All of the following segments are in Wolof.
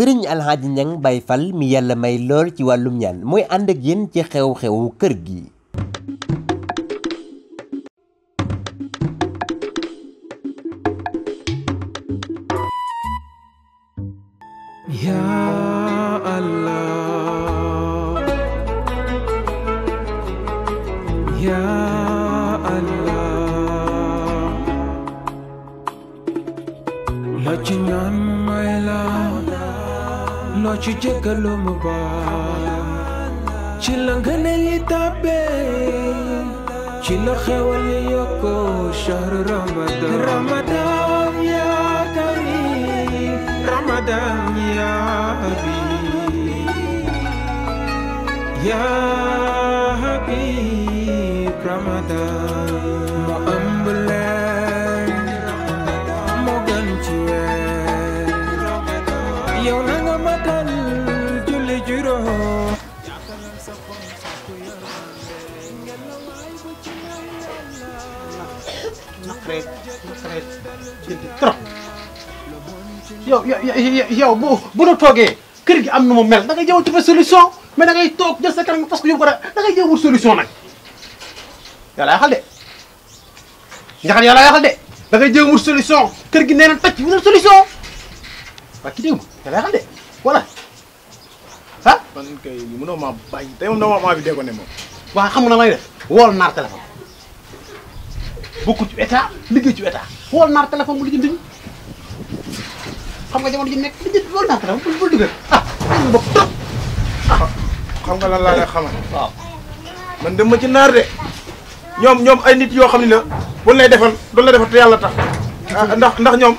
sëriñ alxaaji ñang bay fal mi yàlla may lool ci wàllum ñaan mooy ànd ak yéen ci xew-xewu kër gi ma ci jéggaloo mu baal ci la ngëneel ci la xewal yi yokkoo shahr ramadan ya karim ramadan ya habib ramadan yow bu bu nu toogee kër gi am na mu mel da ngay jëw ci fa solution mais da ngay toog jël sa kanam parce que yóbbu ko da ngay jëw wut solution nag yàlla yaxal de njaxal yàlla yaxal de da ngay jëw wut kër gi nee na tàcc wutal solution waa ki dégg ma yàlla yaxal de voilà ah. man kay mënoo maa bàyyi tey moom dama maa bi dee ko ne moom. waaw xam nga na lay def wool naar téléphone bokku ci état liggéey ci état wool naar téléphone bu lijjanti ñu. xam nga jamono ji nekk li loolu naa ko bu bu dugal ah xam nga lan laa lay waaw man dem ma ci naar de ñoom ñoom ay nit yoo xam ne la buñ lay defal duñ la defal te yàlla tax ndax ndax ñoom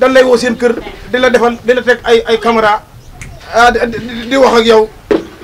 dan lay woo seen kër di la defal di la teg ay ay caméra di wax ak yow.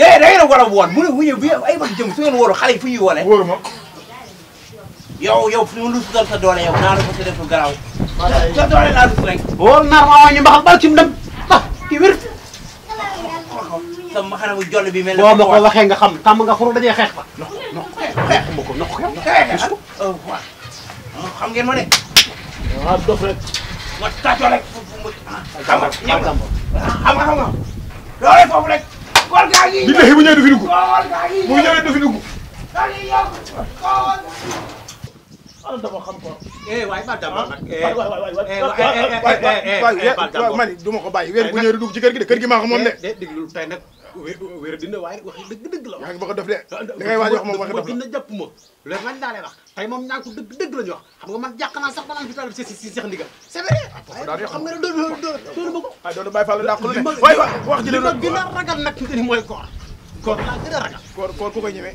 yéen da ngeen a a woon mu ne bu ñëwee ay wax jëm su ngeen xale yi fu ñuy wóoree. wóoru yow yow fi mu lu sutal sa doole yow naa la sa def lu garaaw. sa doole laa dugg rek. wóor naa ma waa ñu mbaxal ba ci mu dem ah kii wér. sa mbaxana bu joll bi ne. boo ma ko waxee nga xam tàmm nga xuru dajee xeex fa. ndox ndox xeex ma ko ndox xeex oh, waaw xam ngeen ma de. waaw dof rek. ma tàccoo rek. xam bi deqi bu ñëwee du fi dugg bu ñëwee du fi dugg. alal ko. eh waay Ba Dama nag. waay kër gi de kër gi maa ko moom de. wér dina waaye dëgg-dëgg a def de li ngay waaj wax moom wax dëgg la dina jàpp ma loolu lañ daa lay wax tey wax xam nga man jàq naa sax balaa ñu fi taal si si Seex Ndigal c'est vrai nga ne ma ko waaye doon Baye Fall dàqul ne waaye wax ji li ma gën ragal nag ni mooy koor koor koor koor ku koy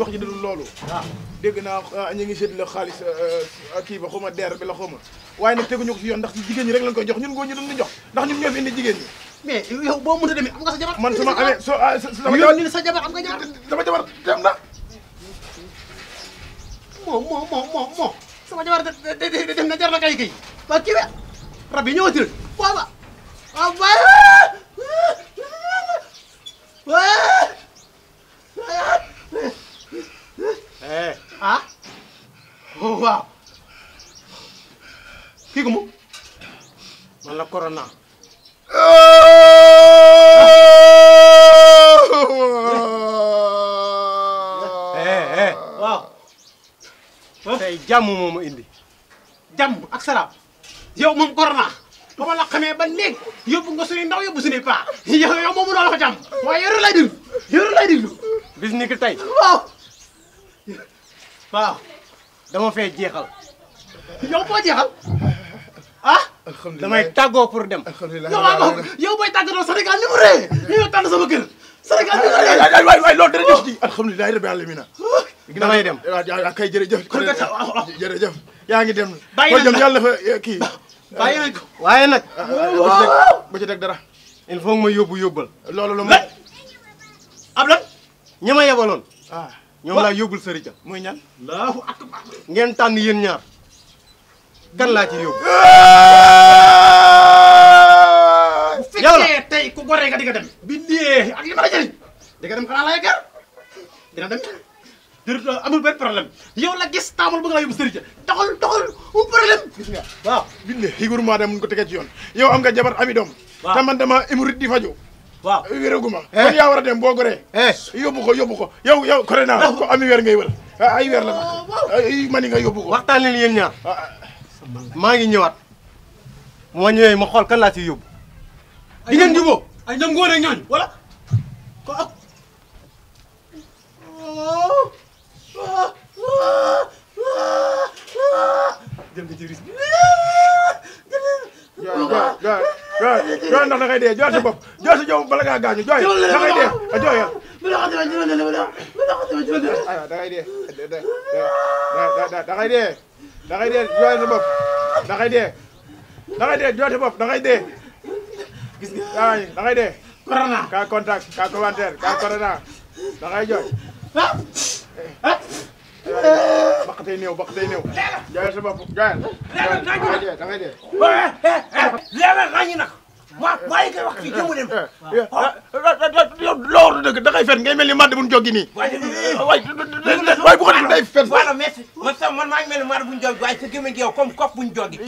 wax ji dul loolu waaw dégg naa ñu ngi sédd la xaalis kii ba xuma der bi la xuma waaye nag teguñu ko si yoon ndax si jigéen ñi rek lañ koy jox ñun góor ñi duñ jox ndax ñun ñoo fi indi jigéen ñi mais yow boo mënta demee am nga sa jabar. man su sa jabar am nga jabar. sama jabar dem na. moo moo moo moo moo sama jabar dem na jar na kay kay waa kii bi rab yi ñëwaat rek waaw waaw waaw waaw. Eh. ah oh, waaw kii ko man la corona. jàmm moo ma indi jàmm ak salaam yow moom corona ba ma la xamee ba léegi yóbbu nga suñuy ndaw yóbbu suñuy paa yow yow moomu loo la ko jàmm waaye yoru lay déglu yoru lay déglu bis ni ki tey waaw waaw dama fee jeexal yow boo jeexal ah damay tàggoo pour dem yow yow booy tàggatoo Sénégal ni mu ree yow tànn sama kër Sénégal ni mu ree waay waay loolu dara def ci rabbi alamina damay dem waaw kay jërëjëf. kon kat jërëjëf. yaa ngi dem. bàyyi nañ la yàlla fa eh, kii. bàyyi nañ ko waaye nag. bu ci teg dara. il faut ma yóbbu yóbbal. loolu la ma ab lan ñi ma yebaloon. waaw ah. ñoom laa yóbbul sëriñ ja muy ñan. allahu akbar ngeen tànn yéen ñaar kan laa ci yóbbu. bu fekkee tey ku goree nga di nga dem. bi dee ak li ma la jëriñ di nga dem xanaa laay gar dina dem. Euh, yow la gis taamul bëgg laa yóbbu sëriñ doxal doxal mu problème gis nga waaw binde xiguruma dem ci yoon yow am nga jabar ami doom te man dama émurit di faju waaw wéraguma eh. kon yaa war a dem boo goree eh. yóbbu ko yóbbu ko yow yow la ah, ay mani oh, nga yóbbu ko waxtaan leen yéen ñaar ah, maa ngi ñëwaat ma ñëwee ma xool kan laa ciy yóbbu di ngeen juboo ay ñoom ngóore ñooñ jël ci risque bi. jooy jooy jooy jooy ndax dangay dee jooy sa bopp jooy sa jaww bala ngaa bop jooy dangay dee a jooy aywa dangay dee dangay dee dee jooy sa bopp dangay dee dangay dee jooy sa bopp dangay dee gis dee ka contact ka commentaire ka corona dangay jooy ah. baq day néew baq day néew. jaay sa bopp jaay. leeral naa ñu nag da ngay dee leeral naa ñu nag. waaw waaye kay yow loo war a dëgg da ngay fen mel ni màdd bu ñu joggi nii. waaye bu ko def day fen. voilà merci mel ni màdd bu ñu joggi waaye sa gémmiñ gi yow comme kopp bu ñu joggi.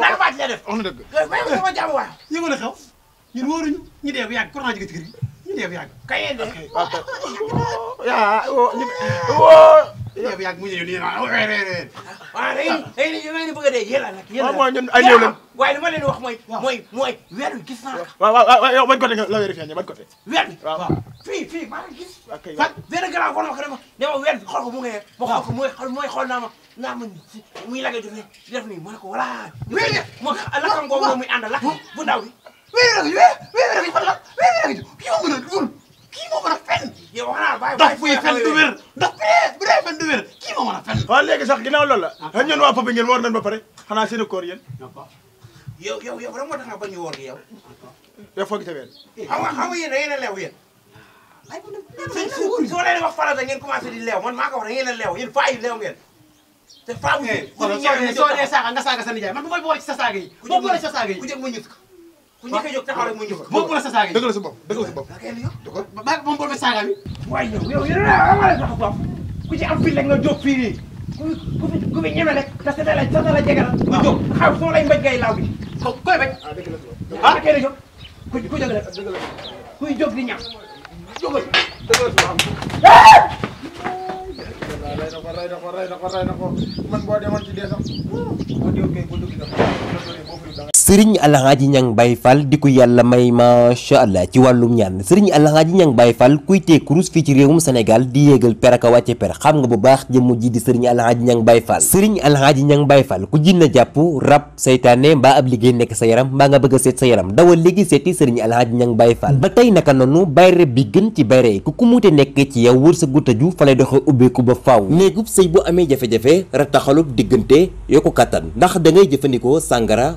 naka baat la def. wax na dëgg. waaye sama jàmm waay. yëngu ñu dee bu yàgg corona ji nga ci kër gi. yéen yàgg kaye de. ah woo yéen yàgg mu ñëw nii waaw waaw léegi léegi ñu bëgg a dee yéen a nag. yéen a waaw ñun ay néew lañ. waaye li ma leen wax mooy. mooy mooy weer wi gis naa ko. waaw waaw yow ban côté la weer feeñee ban côté. weer bi waaw fii fii maa ngi gis. ok waaw fan benn garaaw xool ma ko dama dama weer bi xool ko mu ngi ne. ma xool ko mooy mooy xool naa ma naa ma muy lagay def nii def nii ma ne ko voilà. weer bi moo lakam googu muy ànd lakam bu ndaw bi wéeru rek wéeru rek fan la wéeru rek kii moo gën a dul kii moo mën a fen. yow wax naa bàyyi ndax buy fen du wér ndax bu dee bu dee fen du wér kii moo mën a fen. waaw léegi sax ginnaaw loolu la. ah ñun waa Popenguine woor nañu ba pare xanaa seen koor yéen. yow yow yow vraiment da ngaa bañ a woor gi yow. yow foog nga gisee xam nga xam nga yéen da ngeen a leew yéen. soo leen wax farata ngeen commencé di leew man maa ko wax da ngeen a leew yéen faa yi leew ngeen. te faa bu eh, ñu. soo dee saaga nga saaga sa nijaay man bu koy boole ci sa saaga yi. boo boole ci sa saaga yi ku jëg mu ñëkk ku ñu koy jóg taxaw rek mu ñu ko. moom bu la sa saaga yi dëggal sa bopp dëggal sa bopp. d'accord ba moom boobu saaga bi. waaye yow yow yéen a amal sax bopp ku ci am fii rek nga jóg fii nii ku fi ku fi ñeme rek te sa la sa la jegal nga jóg xaw soo lay mbéj ngay laaw bi ko koy bañ. ah dëgg la ah kenn jóg ku ku jóg rek kuy jóg di ñaax jógal dëggal sa bopp. Ah! ray na ko ray na ko ray na ko ray na ko man boo demoon ci dee sax boo déw kay boo dugg da sëriñ alxaaji ñang bay fall di ko yàlla may macha allah ci wàllum ñaan sëriñ alxaaji ñang bay fall kuy tee kurus fii ci réewum sénégal di yéegal per ak wàcce per xam nga bu baax jëmm ji di sëriñ alxaaji ñang bay fall sëriñ alxaaji ñang bay fall ku jinna jàpp rab saytaane mbaa ab liggéey nekk sa yaram mbaa nga bëgg a seet sa yaram dawal léegi seeti sëriñ alxaaji ñang bay fall ba tey naka noonu bayre bi gën ci bayre yi ku ku muute nekk ci yow wër sa gutta ju fa lay doxee ubbeeku ba faaw néegub sëy bu amee jafe-jafe rataxalub diggante yokku kàttan ndax da jëfandikoo sàngara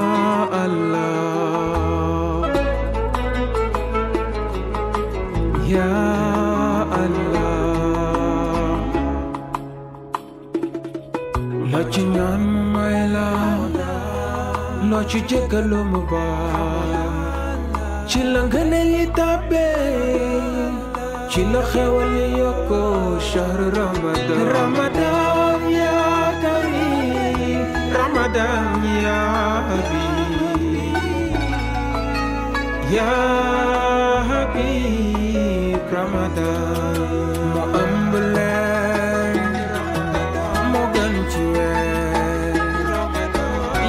ñaan mu may la loo ci jëkkaloo mu baal ci la ngëneel yi tàbbee ci la xewal yi yokkoo shahru ramadan ramadan yaa ramadan yaa habib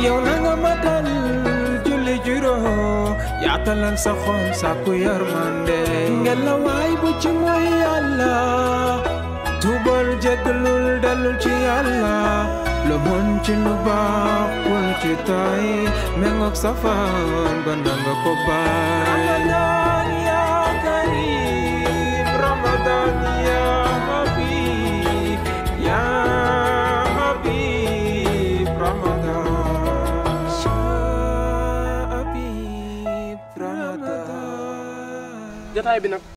yow a nga matal julli juróom yaatalal sa xol sàkku yërmande ngela waay bu ci mooy yàlla tuubal jégalul dalul ci yàlla lu mën ci lu baax ci tay mengoog safaan ba nanga ko baay jotaay bi nag